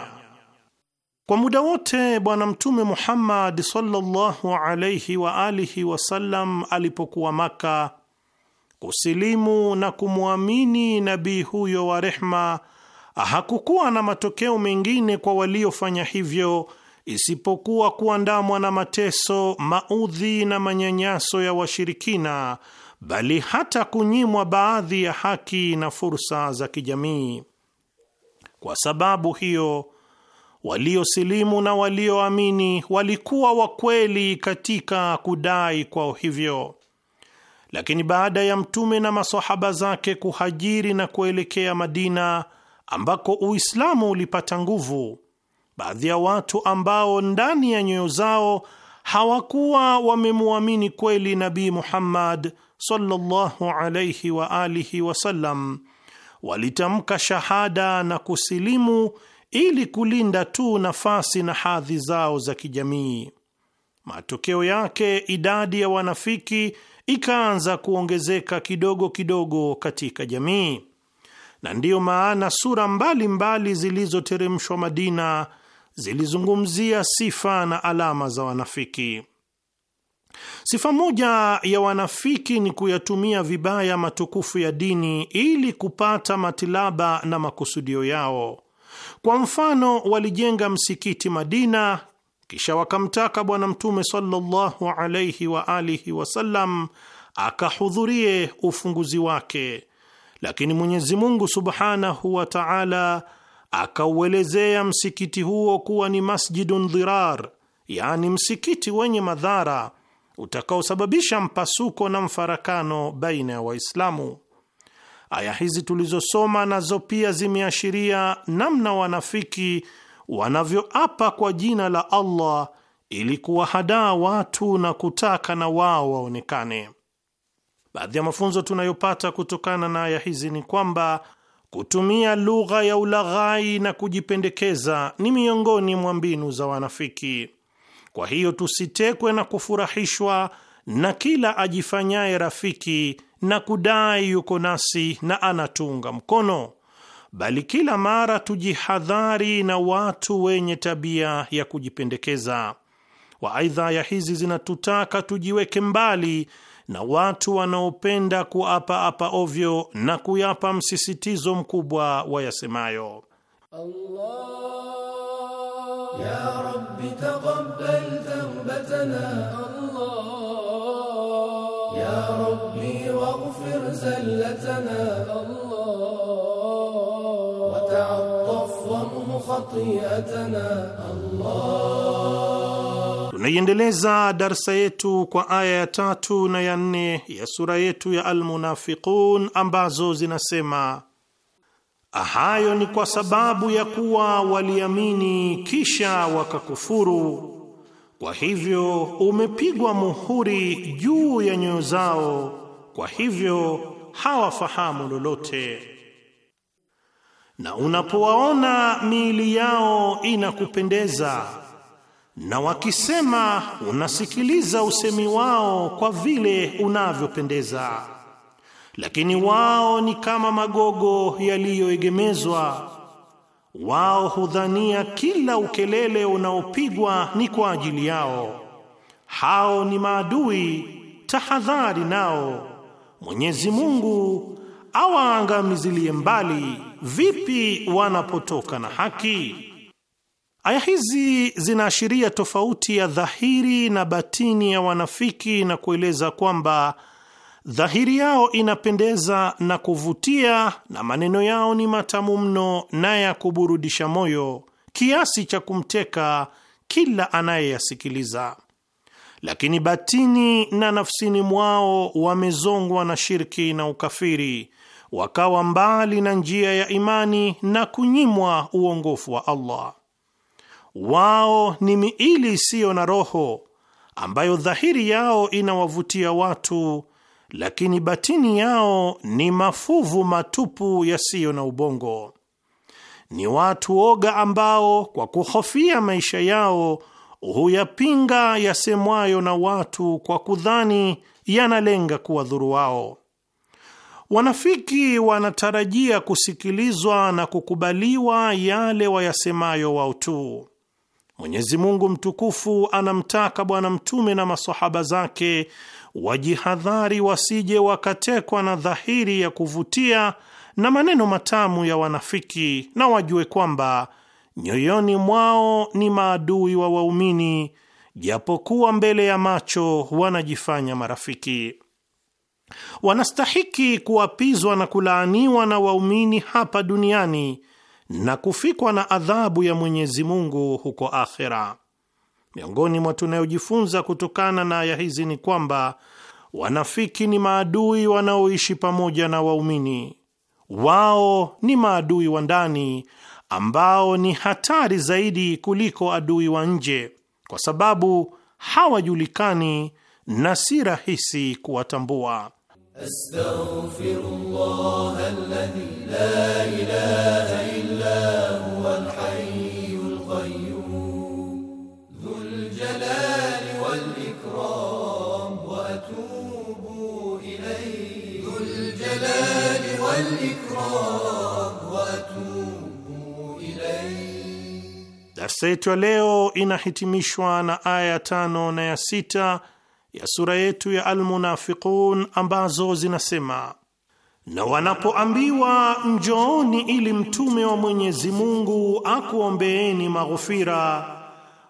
E: Kwa muda wote Bwana Mtume Muhammad sallallahu alayhi wa alihi wasallam alipokuwa Maka, kusilimu na kumwamini nabii huyo wa rehma hakukuwa na matokeo mengine kwa waliofanya hivyo isipokuwa kuandamwa na mateso, maudhi na manyanyaso ya washirikina bali hata kunyimwa baadhi ya haki na fursa za kijamii. Kwa sababu hiyo, waliosilimu na walioamini walikuwa wakweli katika kudai kwao hivyo, lakini baada ya Mtume na masahaba zake kuhajiri na kuelekea Madina ambako Uislamu ulipata nguvu, baadhi ya watu ambao ndani ya nyoyo zao hawakuwa wamemwamini kweli Nabii Muhammad sallallahu alayhi wa alihi wasallam walitamka shahada na kusilimu ili kulinda tu nafasi na hadhi zao za kijamii. Matokeo yake idadi ya wanafiki ikaanza kuongezeka kidogo kidogo katika jamii, na ndiyo maana sura mbalimbali zilizoteremshwa Madina zilizungumzia sifa na alama za wanafiki. Sifa moja ya wanafiki ni kuyatumia vibaya matukufu ya dini ili kupata matilaba na makusudio yao. Kwa mfano, walijenga msikiti Madina, kisha wakamtaka Bwana Mtume sallallahu alaihi wa alihi wasallam akahudhurie ufunguzi wake, lakini Mwenyezi Mungu subhanahu wa taala akauelezea msikiti huo kuwa ni masjidun dhirar, yaani msikiti wenye madhara utakaosababisha mpasuko na mfarakano baina ya Waislamu. Aya hizi tulizosoma nazo pia zimeashiria namna wanafiki wanavyoapa kwa jina la Allah ili kuwahadaa watu na kutaka na wao waonekane. Baadhi ya mafunzo tunayopata kutokana na aya hizi ni kwamba kutumia lugha ya ulaghai na kujipendekeza ni miongoni mwa mbinu za wanafiki. Kwa hiyo tusitekwe na kufurahishwa na kila ajifanyaye rafiki na kudai yuko nasi na anatuunga mkono, bali kila mara tujihadhari na watu wenye tabia ya kujipendekeza. aidha ya hizi zinatutaka tujiweke mbali na watu wanaopenda kuapa apa ovyo na kuyapa msisitizo mkubwa wayasemayo Allah.
F: يا رب تقبل توبتنا الله يا ربي واغفر
B: زلتنا الله وتعطف وامه خطيئتنا الله.
E: Tunaiendeleza darsa yetu kwa aya ya tatu na ya nne ya sura yetu ya Almunafiqun ambazo zinasema Ah, hayo ni kwa sababu ya kuwa waliamini kisha wakakufuru, kwa hivyo umepigwa muhuri juu ya nyoyo zao, kwa hivyo hawafahamu lolote. Na unapowaona miili yao inakupendeza, na wakisema unasikiliza usemi wao kwa vile unavyopendeza lakini wao ni kama magogo yaliyoegemezwa. Wao hudhania kila ukelele unaopigwa ni kwa ajili yao. Hao ni maadui, tahadhari nao. Mwenyezi Mungu awaangamizilie mbali. Vipi wanapotoka na haki? Aya hizi zinaashiria tofauti ya dhahiri na batini ya wanafiki na kueleza kwamba Dhahiri yao inapendeza na kuvutia, na maneno yao ni matamu mno na ya kuburudisha moyo kiasi cha kumteka kila anayeyasikiliza, lakini batini na nafsini mwao wamezongwa na shirki na ukafiri, wakawa mbali na njia ya imani na kunyimwa uongofu wa Allah. Wao ni miili isiyo na roho ambayo dhahiri yao inawavutia watu lakini batini yao ni mafuvu matupu yasiyo na ubongo. Ni watu oga ambao kwa kuhofia maisha yao huyapinga yasemwayo na watu kwa kudhani yanalenga kuwadhuru wao. Wanafiki wanatarajia kusikilizwa na kukubaliwa yale wayasemayo wao tu. Mwenyezi Mungu mtukufu anamtaka Bwana Mtume na masahaba zake wajihadhari wasije wakatekwa na dhahiri ya kuvutia na maneno matamu ya wanafiki, na wajue kwamba nyoyoni mwao ni maadui wa waumini, japokuwa mbele ya macho wanajifanya marafiki. Wanastahiki kuapizwa na kulaaniwa na waumini hapa duniani na kufikwa na adhabu ya Mwenyezi Mungu huko akhera. Miongoni mwa tunayojifunza kutokana na aya hizi ni kwamba wanafiki ni maadui wanaoishi pamoja na waumini. Wao ni maadui wa ndani ambao ni hatari zaidi kuliko adui wa nje, kwa sababu hawajulikani na si rahisi kuwatambua.
B: أستغفر الله الذي لا إله إلا هو الحي القيوم
F: ذو الجلال والإكرام وأتوب إليه ذو الجلال والإكرام وأتوب
E: إليه درس yetu ya leo inahitimishwa na aya tano na ya sita ya sura yetu ya Almunafiqun ambazo zinasema: na wanapoambiwa njooni ili mtume wa Mwenyezi Mungu akuombeeni maghufira,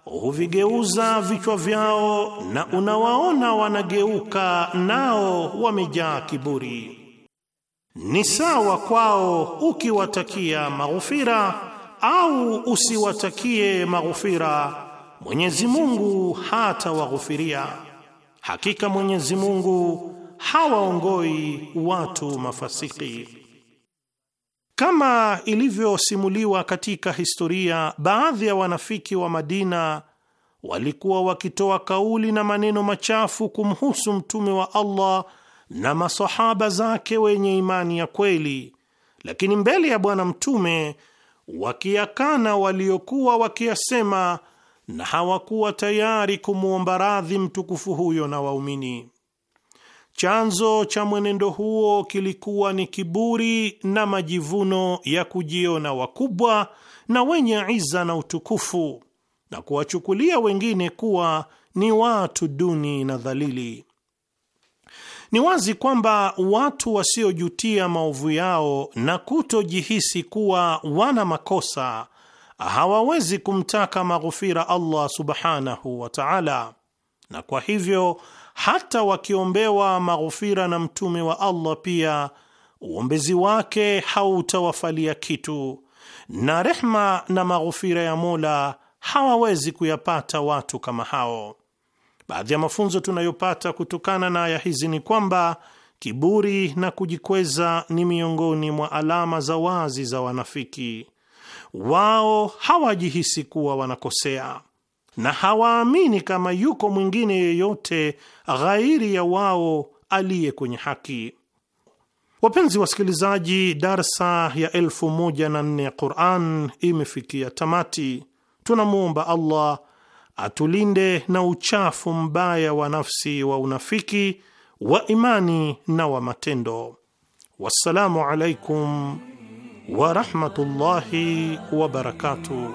E: huvigeuza vichwa vyao na unawaona wanageuka, nao wamejaa kiburi. Ni sawa kwao ukiwatakia maghufira au usiwatakie maghufira, Mwenyezi Mungu hatawaghufiria. Hakika Mwenyezi Mungu hawaongoi watu mafasiki. Kama ilivyosimuliwa katika historia, baadhi ya wanafiki wa Madina walikuwa wakitoa kauli na maneno machafu kumhusu mtume wa Allah na masahaba zake wenye imani ya kweli, lakini mbele ya Bwana Mtume wakiyakana waliokuwa wakiyasema na hawakuwa tayari kumwomba radhi mtukufu huyo na waumini. Chanzo cha mwenendo huo kilikuwa ni kiburi na majivuno ya kujiona wakubwa na wenye iza na utukufu na kuwachukulia wengine kuwa ni watu duni na dhalili. Ni wazi kwamba watu wasiojutia maovu yao na kutojihisi kuwa wana makosa hawawezi kumtaka maghufira Allah subhanahu wa ta'ala, na kwa hivyo hata wakiombewa maghufira na mtume wa Allah, pia uombezi wake hautawafalia kitu, na rehma na maghufira ya Mola hawawezi kuyapata watu kama hao. Baadhi ya mafunzo tunayopata kutokana na aya hizi ni kwamba kiburi na kujikweza ni miongoni mwa alama za wazi za wanafiki wao hawajihisi kuwa wanakosea na hawaamini kama yuko mwingine yeyote ghairi ya wao aliye kwenye haki. Wapenzi wasikilizaji, darsa ya elfu moja na nne ya Quran imefikia tamati. Tunamwomba Allah atulinde na uchafu mbaya wa nafsi wa unafiki wa imani na wa matendo. Wassalamu alaikum ورحمة الله وبركاته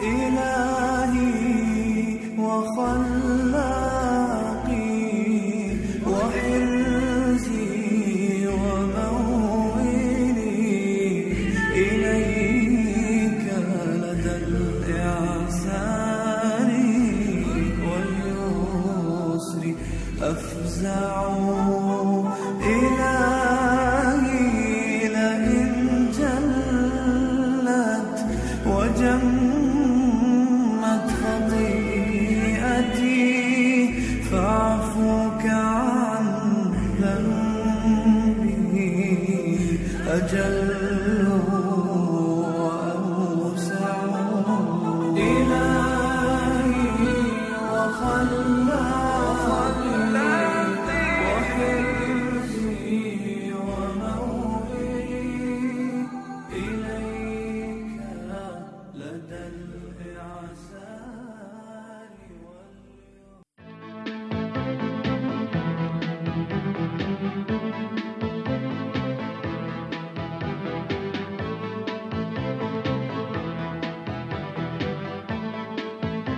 B: إلهي وخلاني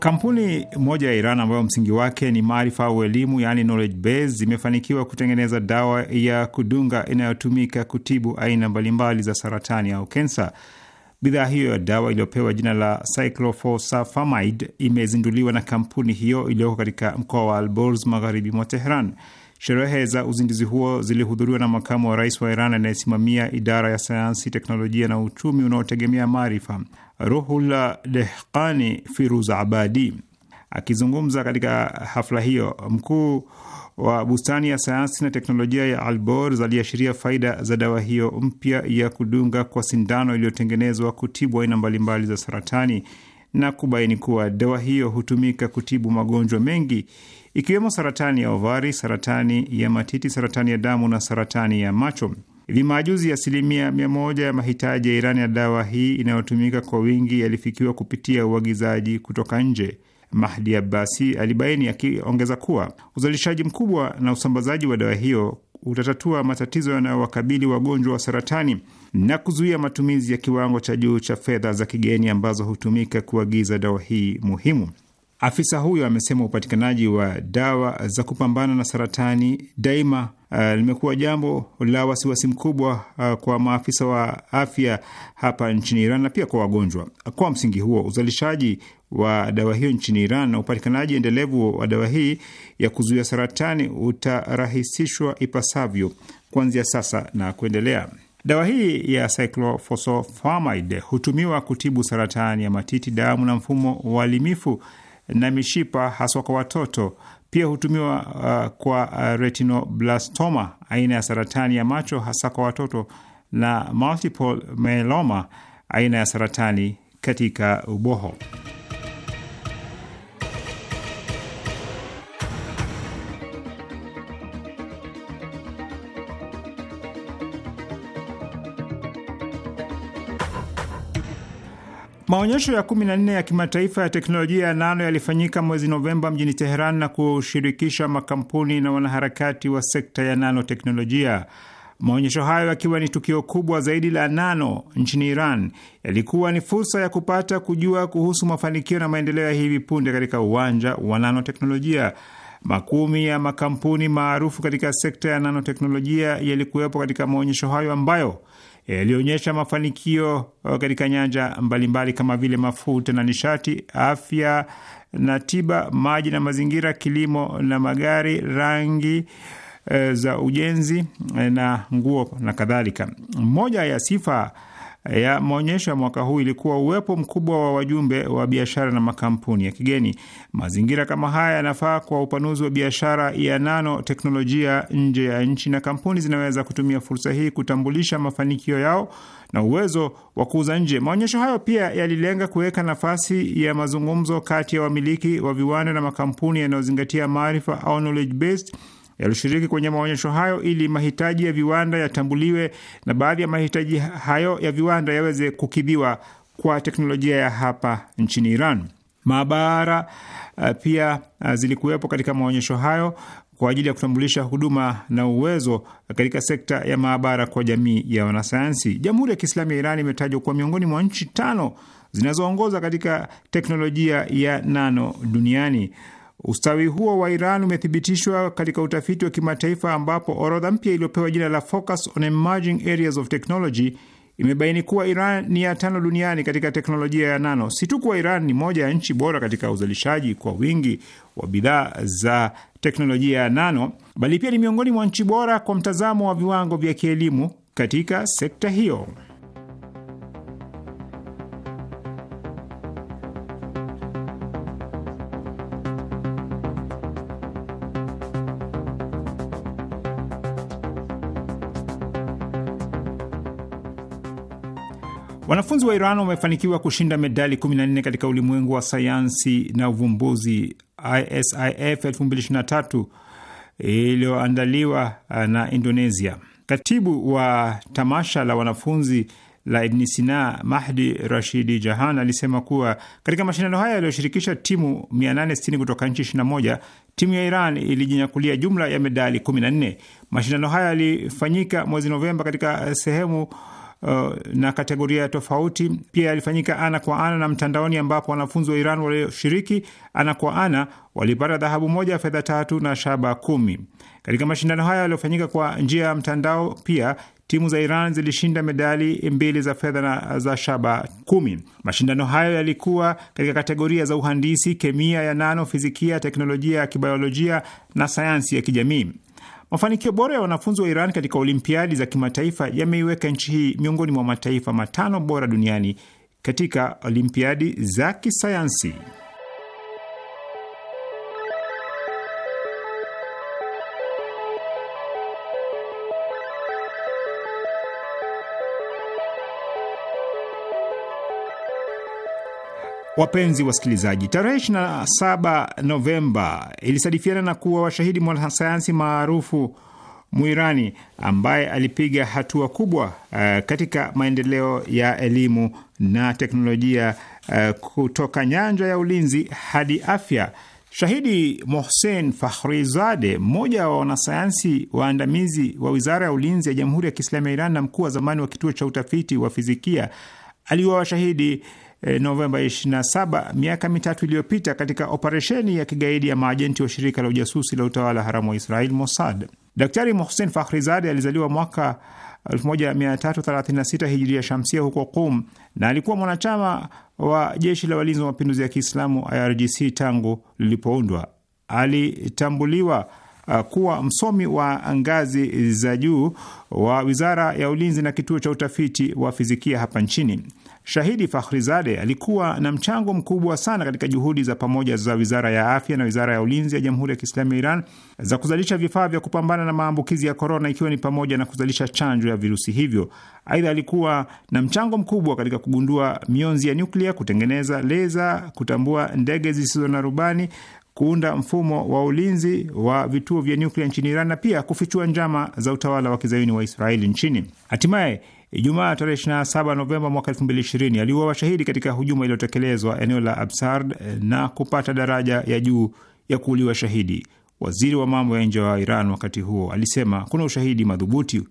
C: Kampuni moja ya Iran ambayo msingi wake ni maarifa au elimu, yaani knowledge base, zimefanikiwa kutengeneza dawa ya kudunga inayotumika kutibu aina mbalimbali za saratani au kensa. Bidhaa hiyo ya dawa iliyopewa jina la cyclophosphamide imezinduliwa na kampuni hiyo iliyoko katika mkoa wa albors magharibi mwa Teheran. Sherehe za uzinduzi huo zilihudhuriwa na makamu wa rais wa Iran anayesimamia idara ya sayansi, teknolojia na uchumi unaotegemea maarifa ruhula Dehqani Firuz Abadi. Akizungumza katika hafla hiyo, mkuu wa bustani ya sayansi na teknolojia ya Alborz aliashiria faida za dawa hiyo mpya ya kudunga kwa sindano iliyotengenezwa kutibu aina mbalimbali za saratani na kubaini kuwa dawa hiyo hutumika kutibu magonjwa mengi ikiwemo saratani ya ovari, saratani ya matiti, saratani ya damu na saratani ya macho. Hivi majuzi asilimia mia moja ya mahitaji ya Iran ya dawa hii inayotumika kwa wingi yalifikiwa kupitia uagizaji kutoka nje. Mahdi Abbasi alibaini akiongeza kuwa uzalishaji mkubwa na usambazaji wa dawa hiyo utatatua matatizo yanayowakabili wagonjwa wa saratani na kuzuia matumizi ya kiwango cha juu cha fedha za kigeni ambazo hutumika kuagiza dawa hii muhimu. Afisa huyo amesema upatikanaji wa dawa za kupambana na saratani daima uh, limekuwa jambo la wasiwasi mkubwa uh, kwa maafisa wa afya hapa nchini Iran na pia kwa wagonjwa. Kwa msingi huo, uzalishaji wa dawa hiyo nchini Iran na upatikanaji endelevu wa dawa hii ya kuzuia saratani utarahisishwa ipasavyo kuanzia sasa na kuendelea. Dawa hii ya cyclophosphamide hutumiwa kutibu saratani ya matiti, damu na mfumo wa na mishipa haswa kwa watoto. Pia hutumiwa uh, kwa uh, retinoblastoma, aina ya saratani ya macho hasa kwa watoto, na multiple myeloma, aina ya saratani katika uboho. Maonyesho ya 14 ya kimataifa ya teknolojia ya nano yalifanyika mwezi Novemba mjini Teheran na kushirikisha makampuni na wanaharakati wa sekta ya nanoteknolojia. Maonyesho hayo yakiwa ni tukio kubwa zaidi la nano nchini Iran, yalikuwa ni fursa ya kupata kujua kuhusu mafanikio na maendeleo ya hivi punde katika uwanja wa nanoteknolojia. Makumi ya makampuni maarufu katika sekta ya nanoteknolojia yalikuwepo katika maonyesho hayo ambayo yaliyoonyesha mafanikio uh, katika nyanja mbalimbali mbali kama vile mafuta na nishati, afya na tiba, maji na mazingira, kilimo na magari, rangi e, za ujenzi uh, na nguo na kadhalika. Moja ya sifa ya maonyesho ya mwaka huu ilikuwa uwepo mkubwa wa wajumbe wa biashara na makampuni ya kigeni. Mazingira kama haya yanafaa kwa upanuzi wa biashara ya nano teknolojia nje ya nchi, na kampuni zinaweza kutumia fursa hii kutambulisha mafanikio yao na uwezo wa kuuza nje. Maonyesho hayo pia yalilenga kuweka nafasi ya mazungumzo kati ya wamiliki wa viwanda na makampuni yanayozingatia maarifa au knowledge based yalishiriki kwenye maonyesho hayo ili mahitaji ya viwanda yatambuliwe na baadhi ya mahitaji hayo ya viwanda yaweze kukidhiwa kwa teknolojia ya hapa nchini Iran. Maabara uh, pia uh, zilikuwepo katika maonyesho hayo kwa ajili ya kutambulisha huduma na uwezo katika sekta ya maabara kwa jamii ya wanasayansi. Jamhuri ya Kiislamu ya Iran imetajwa kuwa miongoni mwa nchi tano zinazoongoza katika teknolojia ya nano duniani. Ustawi huo wa Iran umethibitishwa katika utafiti wa kimataifa ambapo orodha mpya iliyopewa jina la Focus on Emerging Areas of Technology imebaini kuwa Iran ni ya tano duniani katika teknolojia ya nano. Si tu kuwa Iran ni moja ya nchi bora katika uzalishaji kwa wingi wa bidhaa za teknolojia ya nano, bali pia ni miongoni mwa nchi bora kwa mtazamo wa viwango vya kielimu katika sekta hiyo. Wanafunzi wa Iran wamefanikiwa kushinda medali 14 katika ulimwengu wa sayansi na uvumbuzi ISIF 2023 iliyoandaliwa uh, na Indonesia. Katibu wa tamasha la wanafunzi la Ibni Sina Mahdi Rashidi Jahan alisema kuwa katika mashindano haya yaliyoshirikisha timu 860 kutoka nchi 21, timu ya Iran ilijinyakulia jumla ya medali 14. Mashindano haya yalifanyika mwezi Novemba katika uh, sehemu uh, na kategoria tofauti. Pia yalifanyika ana kwa ana na mtandaoni, ambapo wanafunzi wa Iran walioshiriki ana kwa ana walipata dhahabu moja, fedha tatu na shaba kumi. Katika mashindano haya yaliyofanyika kwa njia ya mtandao, pia timu za Iran zilishinda medali mbili za fedha na za shaba kumi. Mashindano hayo yalikuwa katika kategoria za uhandisi, kemia ya nano, fizikia, teknolojia ya kibiolojia na sayansi ya kijamii. Mafanikio bora ya wanafunzi wa Iran katika olimpiadi za kimataifa yameiweka nchi hii miongoni mwa mataifa matano bora duniani katika olimpiadi za kisayansi. Wapenzi wasikilizaji, tarehe 27 Novemba ilisadifiana na kuwa washahidi mwanasayansi maarufu Mwirani ambaye alipiga hatua kubwa uh, katika maendeleo ya elimu na teknolojia uh, kutoka nyanja ya ulinzi hadi afya. Shahidi Mohsen Fakhrizade, mmoja wa wanasayansi waandamizi wa wizara ya ulinzi ya Jamhuri ya Kiislamu ya Iran na mkuu wa zamani wa kituo cha utafiti wa fizikia, washahidi uh, Eh, Novemba 27 miaka mitatu iliyopita katika operesheni ya kigaidi ya maajenti wa shirika la ujasusi la utawala haramu wa Israel Mossad. Daktari Mohsen Fakhrizadeh alizaliwa mwaka 1336 hijiria shamsia huko Qum na alikuwa mwanachama wa jeshi la walinzi wa mapinduzi ya Kiislamu IRGC tangu lilipoundwa. Alitambuliwa uh, kuwa msomi wa ngazi za juu wa wizara ya ulinzi na kituo cha utafiti wa fizikia hapa nchini. Shahidi Fakhrizade alikuwa na mchango mkubwa sana katika juhudi za pamoja za wizara ya afya na wizara ya ulinzi ya Jamhuri ya Kiislamu ya Iran za kuzalisha vifaa vya kupambana na maambukizi ya korona, ikiwa ni pamoja na kuzalisha chanjo ya virusi hivyo. Aidha, alikuwa na mchango mkubwa katika kugundua mionzi ya nyuklia, kutengeneza leza, kutambua ndege zisizo na rubani, kuunda mfumo wa ulinzi wa vituo vya nyuklia nchini Iran na pia kufichua njama za utawala wa kizayuni wa Israeli nchini. Hatimaye Ijumaa tarehe 27 Novemba mwaka 2020 aliuawa shahidi katika hujuma iliyotekelezwa eneo la Absard eh, na kupata daraja ya juu ya kuuliwa shahidi. Waziri wa mambo ya nje wa Iran wakati huo alisema kuna ushahidi madhubuti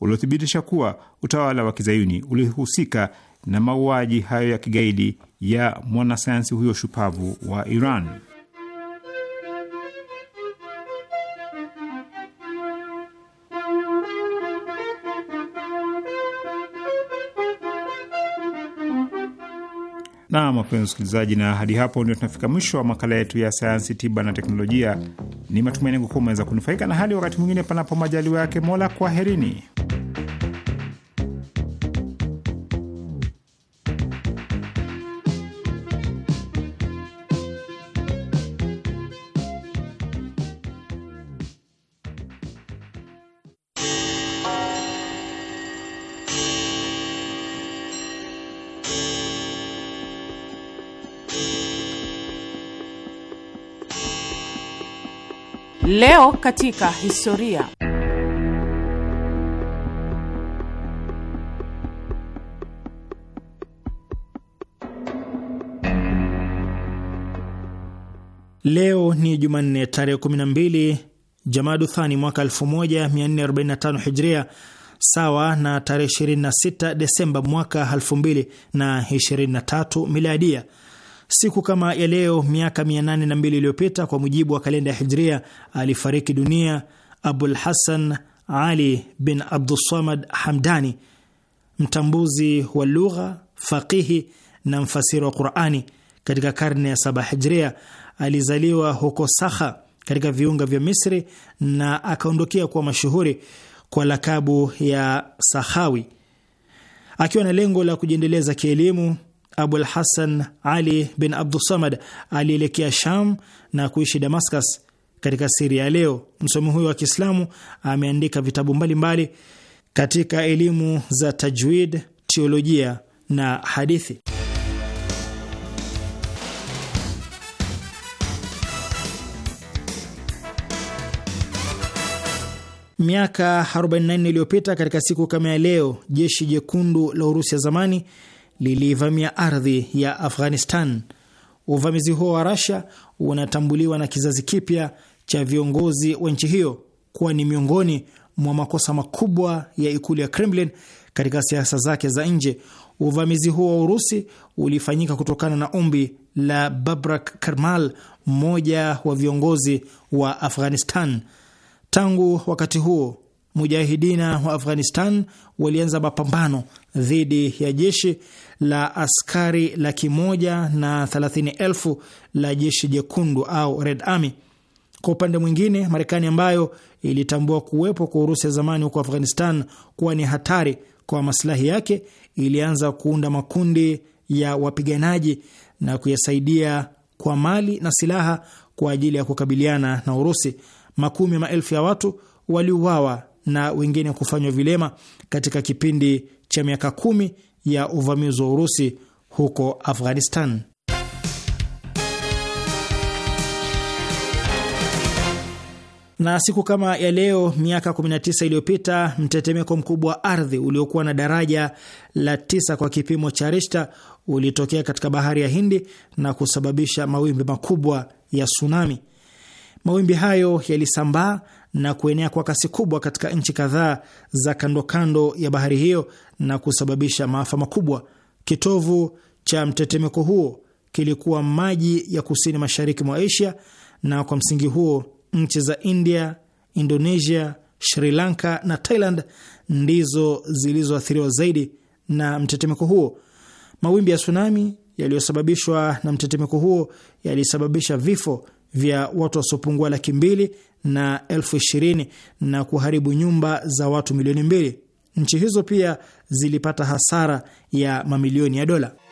C: uliothibitisha kuwa utawala wa kizayuni ulihusika na mauaji hayo ya kigaidi ya mwanasayansi huyo shupavu wa Iran. Na wapenzi msikilizaji, na hadi hapo ndio tunafika mwisho wa makala yetu ya sayansi, tiba na teknolojia. Ni matumaini yangu kuwa umeweza kunufaika, na hadi wakati mwingine, panapo majaliwa yake Mola, kwaherini.
B: Leo katika historia.
A: Leo ni Jumanne tarehe 12 Jamadu Thani mwaka 1445 Hijria, sawa na tarehe 26 Desemba mwaka 2023 Miladia. Siku kama ya leo miaka 802 iliyopita kwa mujibu wa kalenda ya Hijria alifariki dunia Abul Hasan Ali bin Abdussamad Hamdani, mtambuzi wa lugha, faqihi na mfasiri wa Qurani katika karne ya saba Hijria. Alizaliwa huko Sakha katika viunga vya Misri na akaondokea kuwa mashuhuri kwa lakabu ya Sahawi akiwa na lengo la kujiendeleza kielimu Abul hasan Ali bin Abdusamad alielekea Sham na kuishi Damascus katika Siria ya leo. Msomi huyo wa Kiislamu ameandika vitabu mbalimbali mbali katika elimu za tajwid, teolojia na hadithi. Miaka 44 iliyopita katika siku kama ya leo, jeshi jekundu la Urusi ya zamani liliivamia ardhi ya Afghanistan. Uvamizi huo wa Russia unatambuliwa na kizazi kipya cha viongozi wa nchi hiyo kuwa ni miongoni mwa makosa makubwa ya ikulu ya Kremlin katika siasa zake za nje. Uvamizi huo wa Urusi ulifanyika kutokana na ombi la Babrak Karmal, mmoja wa viongozi wa Afghanistan. Tangu wakati huo mujahidina wa Afghanistan walianza mapambano dhidi ya jeshi la askari laki moja na thelathini elfu la jeshi jekundu au Red Army. Kwa upande mwingine, Marekani ambayo ilitambua kuwepo kwa Urusi ya zamani huko Afghanistan kuwa ni hatari kwa masilahi yake, ilianza kuunda makundi ya wapiganaji na kuyasaidia kwa mali na silaha kwa ajili ya kukabiliana na Urusi. Makumi maelfu ya watu waliuawa na wengine kufanywa vilema katika kipindi cha miaka kumi ya uvamizi wa Urusi huko Afghanistan. Na siku kama ya leo miaka 19 iliyopita mtetemeko mkubwa wa ardhi uliokuwa na daraja la tisa kwa kipimo cha Richter ulitokea katika bahari ya Hindi na kusababisha mawimbi makubwa ya tsunami. Mawimbi hayo yalisambaa na kuenea kwa kasi kubwa katika nchi kadhaa za kando kando ya bahari hiyo na kusababisha maafa makubwa. Kitovu cha mtetemeko huo kilikuwa maji ya kusini mashariki mwa Asia, na kwa msingi huo nchi za India, Indonesia, Sri Lanka na Thailand ndizo zilizoathiriwa zaidi na mtetemeko huo. Mawimbi ya tsunami yaliyosababishwa na mtetemeko huo yalisababisha vifo vya watu wasiopungua laki mbili na elfu ishirini na kuharibu nyumba za watu milioni mbili. Nchi hizo pia zilipata hasara ya mamilioni ya dola.